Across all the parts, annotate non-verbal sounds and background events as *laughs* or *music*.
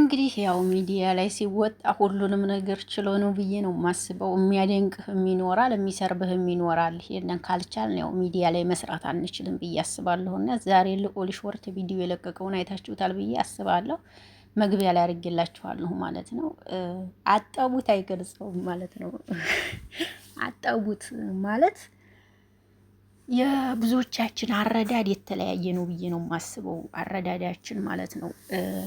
እንግዲህ ያው ሚዲያ ላይ ሲወጣ ሁሉንም ነገር ችሎ ነው ብዬ ነው የማስበው። የሚያደንቅህም ይኖራል፣ የሚሰርብህም ይኖራል። ይሄንን ካልቻልን ያው ሚዲያ ላይ መስራት አንችልም ብዬ አስባለሁ እና ዛሬ ልዑል ሾርት ቪዲዮ የለቀቀውን አይታችሁታል ብዬ አስባለሁ። መግቢያ ላይ አድርጌላችኋለሁ ማለት ነው። አጠቡት አይገልጸውም ማለት ነው። *laughs* አጠቡት ማለት የብዙዎቻችን አረዳድ የተለያየ ነው ብዬ ነው የማስበው። አረዳዳችን ማለት ነው።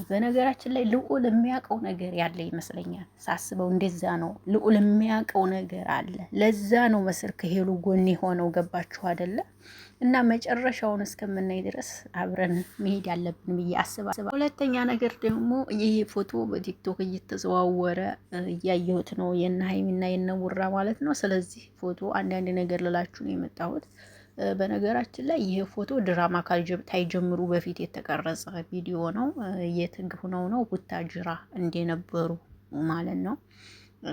በነገራችን ላይ ልዑል የሚያውቀው ነገር ያለ ይመስለኛል ሳስበው፣ እንደዛ ነው። ልዑል የሚያውቀው ነገር አለ። ለዛ ነው መስር ከሄሉ ጎን የሆነው ገባችሁ አደለ? እና መጨረሻውን እስከምናይ ድረስ አብረን መሄድ ያለብን ብዬ አስባለሁ። ሁለተኛ ነገር ደግሞ ይህ ፎቶ በቲክቶክ እየተዘዋወረ እያየሁት ነው፣ የነ ሀይሚና የነ ማለት ነው። ስለዚህ ፎቶ አንዳንድ ነገር ልላችሁ ነው የመጣሁት። በነገራችን ላይ ይህ ፎቶ ድራማ ታይጀምሩ በፊት የተቀረጸ ቪዲዮ ነው። የትግ ሁነው ነው ቡታጅራ እንደነበሩ ማለት ነው።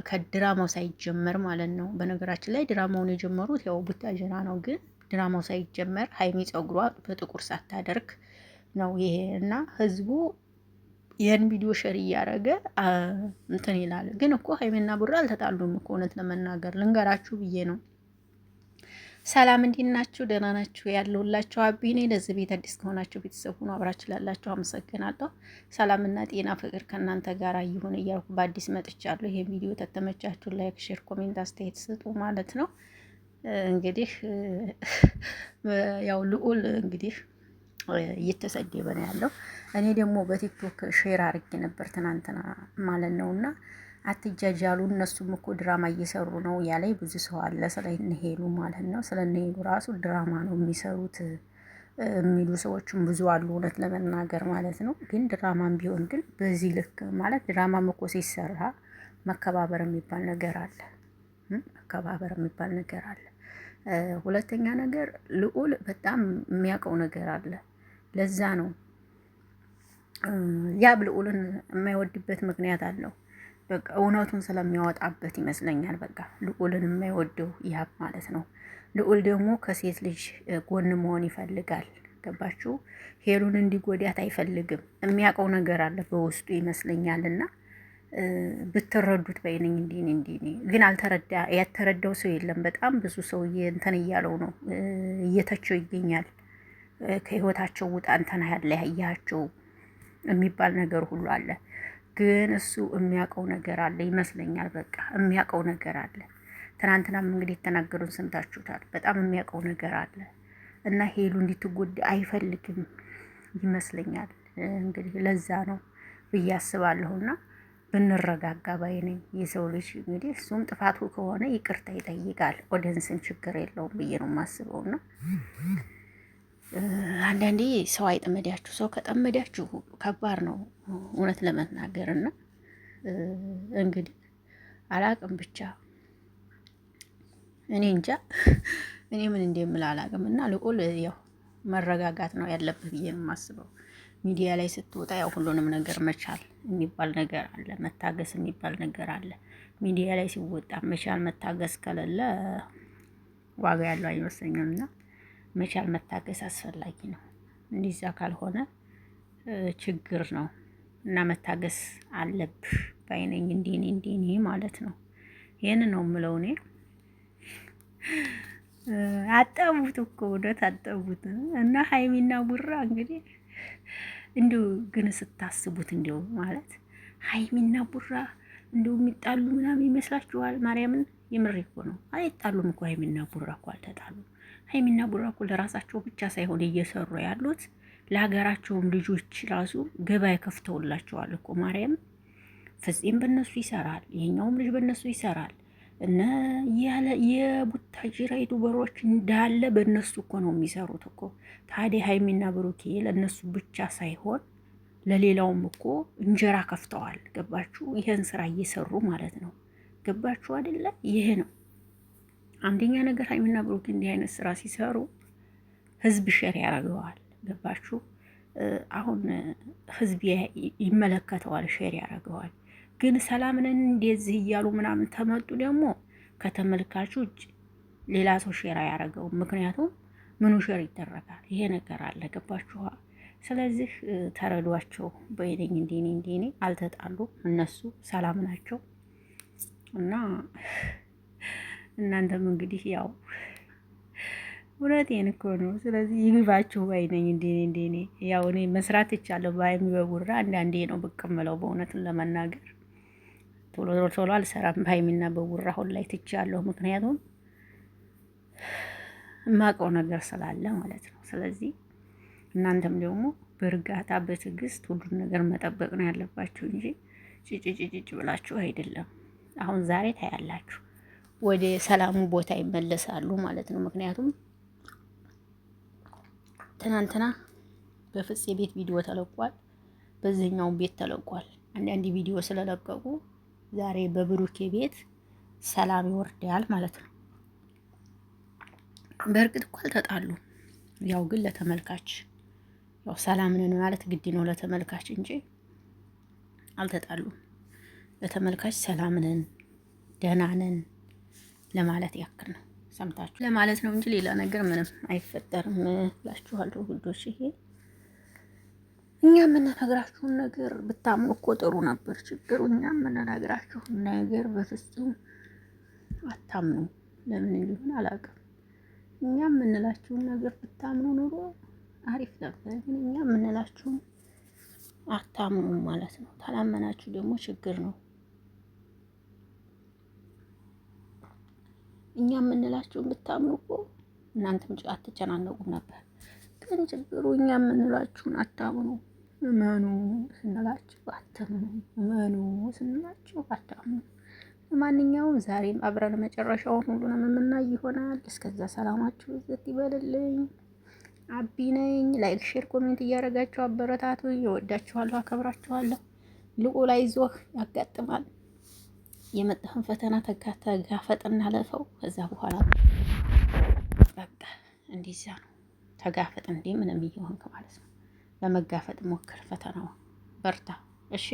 ከድራማው ሳይጀመር ማለት ነው። በነገራችን ላይ ድራማውን የጀመሩት ያው ቡታጅራ ነው፣ ግን ድራማው ሳይጀመር ሀይሚ ጸጉሯ በጥቁር ሳታደርግ ነው ይሄ እና ህዝቡ ይህን ቪዲዮ ሸር እያደረገ እንትን ይላል። ግን እኮ ሀይሜና ብሩክ አልተጣሉም እኮ እውነት ለመናገር ልንገራችሁ ብዬ ነው ሰላም እንዴት ናችሁ? ደህና ናችሁ? ያለሁላችሁ አቢ ነኝ። ለዚህ ቤት አዲስ ከሆናችሁ ቤተሰብ ሁኑ። አብራችሁ ላላችሁ አመሰግናለሁ። ሰላምና ጤና ፍቅር ከእናንተ ጋር ይሁን እያልኩ በአዲስ መጥቻለሁ። ይሄ ቪዲዮ ተተመቻችሁ ላይክ፣ ሼር፣ ኮሜንት አስተያየት ስጡ ማለት ነው። እንግዲህ ያው ልዑል እንግዲህ እየተሰደበ ነው ያለው። እኔ ደግሞ በቲክቶክ ሼር አድርጌ ነበር ትናንትና ማለት ነውና አትጃጃሉ፣ እነሱም እኮ ድራማ እየሰሩ ነው ያላይ ብዙ ሰው አለ። ስለ እነሄሉ ማለት ነው ስለ እነሄሉ ራሱ ድራማ ነው የሚሰሩት የሚሉ ሰዎችም ብዙ አሉ፣ እውነት ለመናገር ማለት ነው። ግን ድራማም ቢሆን ግን በዚህ ልክ ማለት ድራማም እኮ ሲሰራ መከባበር የሚባል ነገር አለ። መከባበር የሚባል ነገር አለ። ሁለተኛ ነገር ልዑል በጣም የሚያውቀው ነገር አለ። ለዛ ነው ያብ ልዑልን የማይወድበት ምክንያት አለው። በቃ እውነቱን ስለሚያወጣበት ይመስለኛል። በቃ ልዑልን የማይወደው ያብ ማለት ነው። ልዑል ደግሞ ከሴት ልጅ ጎን መሆን ይፈልጋል። ገባችሁ? ሄሉን እንዲጎዳት አይፈልግም። የሚያውቀው ነገር አለ በውስጡ ይመስለኛልና ብትረዱት በይነኝ። እንዲህ እንዲህ ግን አልተረዳ ያተረዳው ሰው የለም። በጣም ብዙ ሰው እንትን እያለው ነው እየተቸው ይገኛል። ከህይወታቸው ውጣ እንተና ያያቸው የሚባል ነገር ሁሉ አለ። ግን እሱ የሚያውቀው ነገር አለ ይመስለኛል። በቃ የሚያውቀው ነገር አለ። ትናንትናም እንግዲህ የተናገሩን ሰምታችሁታል። በጣም የሚያውቀው ነገር አለ እና ሄሉ እንዲትጎዳ አይፈልግም ይመስለኛል። እንግዲህ ለዛ ነው ብዬ አስባለሁና ብንረጋጋ ባይ ነኝ። የሰው ልጅ እንግዲህ እሱም ጥፋቱ ከሆነ ይቅርታ ይጠይቃል። ኦዲየንስን ችግር የለውም ብዬ ነው የማስበውና አንዳንዴ ሰው አይጠመዳችሁ። ሰው ከጠመዳችሁ ከባድ ነው እውነት ለመናገር እና እንግዲህ አላቅም ብቻ እኔ እንጃ *laughs* እኔ ምን እንደምል አላቅም። እና ልዑል ያው መረጋጋት ነው ያለብህ ብዬ ነው የማስበው። ሚዲያ ላይ ስትወጣ ያው ሁሉንም ነገር መቻል የሚባል ነገር አለ፣ መታገስ የሚባል ነገር አለ። ሚዲያ ላይ ሲወጣ መቻል መታገስ ከሌለ ዋጋ ያለው አይመስለኝም እና መቻል መታገስ አስፈላጊ ነው። እንዲዛ ካልሆነ ችግር ነው እና መታገስ አለብህ ባይነኝ እንዲኔ እንዲኔ ማለት ነው። ይህን ነው የምለው እኔ። አጠቡት እኮ እውነት አጠቡት። እና ሀይሚና ቡራ እንግዲህ እንዲሁ ግን ስታስቡት እንዲሁ ማለት ሀይሚና ቡራ እንዲሁ የሚጣሉ ምናምን ይመስላችኋል? ማርያምን የምሬ እኮ ነው። አይጣሉም እኮ ሀይሚና ቡራ እኮ አልተጣሉም። ሀይሚና ቡራ ለራሳቸው ብቻ ሳይሆን እየሰሩ ያሉት ለሀገራቸውም ልጆች ራሱ ገበያ ከፍተውላቸዋል እኮ ማርያም። ፍፄም በነሱ ይሰራል፣ ይሄኛውም ልጅ በነሱ ይሰራል። እነ ያለ የቡታጅራ ዩቱበሮች እንዳለ በእነሱ እኮ ነው የሚሰሩት እኮ። ታዲያ ሀይሚና ብሩኬ ለእነሱ ብቻ ሳይሆን ለሌላውም እኮ እንጀራ ከፍተዋል። ገባችሁ? ይህን ስራ እየሰሩ ማለት ነው። ገባችሁ አይደለ? ይሄ ነው አንደኛ ነገር ሀይሚና ብሩክ እንዲህ አይነት ስራ ሲሰሩ ህዝብ ሸር ያደርገዋል። ገባችሁ? አሁን ህዝብ ይመለከተዋል፣ ሼር ያደርገዋል። ግን ሰላምን እንደዚህ እያሉ ምናምን ተመጡ ደግሞ ከተመልካች እጅ ሌላ ሰው ሼር አያደርገውም። ምክንያቱም ምኑ ሼር ይደረጋል? ይሄ ነገር አለ። ገባችኋ? ስለዚህ ተረዷቸው። በሄደኝ እንዲኔ እንዲኔ አልተጣሉ እነሱ ሰላም ናቸው እና እናንተም እንግዲህ ያው እውነቴን እኮ ነው። ስለዚህ ይግባችሁ ባይ ነኝ። እንደኔ ያው እኔ መስራት ይቻለሁ ባይም በጉራ አንዳንዴ ነው ብቅ እምለው በእውነቱን ለመናገር ቶሎ ቶሎ ቶሎ አልሰራም በሀይሚና በጉራ አሁን ላይ ትቻለሁ። ምክንያቱም የማውቀው ነገር ስላለ ማለት ነው። ስለዚህ እናንተም ደግሞ በእርጋታ በትዕግስት ሁሉን ነገር መጠበቅ ነው ያለባችሁ እንጂ ጭጭጭጭጭ ብላችሁ አይደለም። አሁን ዛሬ ታያላችሁ ወደ ሰላሙ ቦታ ይመለሳሉ ማለት ነው። ምክንያቱም ትናንትና በፍጽ የቤት ቪዲዮ ተለቋል፣ በዚህኛው ቤት ተለቋል። አንዳንድ ቪዲዮ ስለለቀቁ ዛሬ በብሩኬ ቤት ሰላም ይወርዳል ማለት ነው። በእርግጥ እኮ አልተጣሉ፣ ያው ግን ለተመልካች ያው ሰላም ነን ማለት ግድ ነው ለተመልካች እንጂ አልተጣሉም። ለተመልካች ሰላም ነን፣ ደህና ነን ለማለት ያክል ነው። ሰምታችሁ ለማለት ነው እንጂ ሌላ ነገር ምንም አይፈጠርም ብላችኋለሁ ውዶች። ይሄ እኛ የምንነግራችሁን ነገር ብታምኑ እኮ ጥሩ ነበር። ችግሩ እኛ የምንነግራችሁን ነገር በፍጹም አታምኑ። ለምን እንዲሆን አላውቅም። እኛ የምንላችሁን ነገር ብታምኑ ኑሮ አሪፍ ነበር። ግን እኛ የምንላችሁን አታምኑ ማለት ነው። ታላመናችሁ ደግሞ ችግር ነው። እኛ የምንላችሁን ብታምኑ እኮ እናንተም አትጨናነቁም ነበር። ግን ችግሩ እኛ የምንላችሁን አታምኑ። እመኑ ስንላችሁ አትምኑ፣ እመኑ ስንላችሁ አታምኑ። ለማንኛውም ዛሬም አብረን መጨረሻውን ሁሉንም የምናይ ይሆናል። እስከዛ ሰላማችሁ ይዘት ይበልልኝ። አቢ ነኝ። ላይክ፣ ሼር፣ ኮሜንት እያደረጋችሁ አበረታቱ። እወዳችኋለሁ፣ አከብራችኋለሁ። ልቁ ላይ ዞህ ያጋጥማል። የመጣህን ፈተና ጋፈጥና ለፈው። ከዛ በኋላ በቃ እንደዚያ ነው። ተጋፈጥ እንዴ ምንም እየሆንክ ማለት ነው። ለመጋፈጥ ሞክር፣ ፈተናው። በርታ። እሺ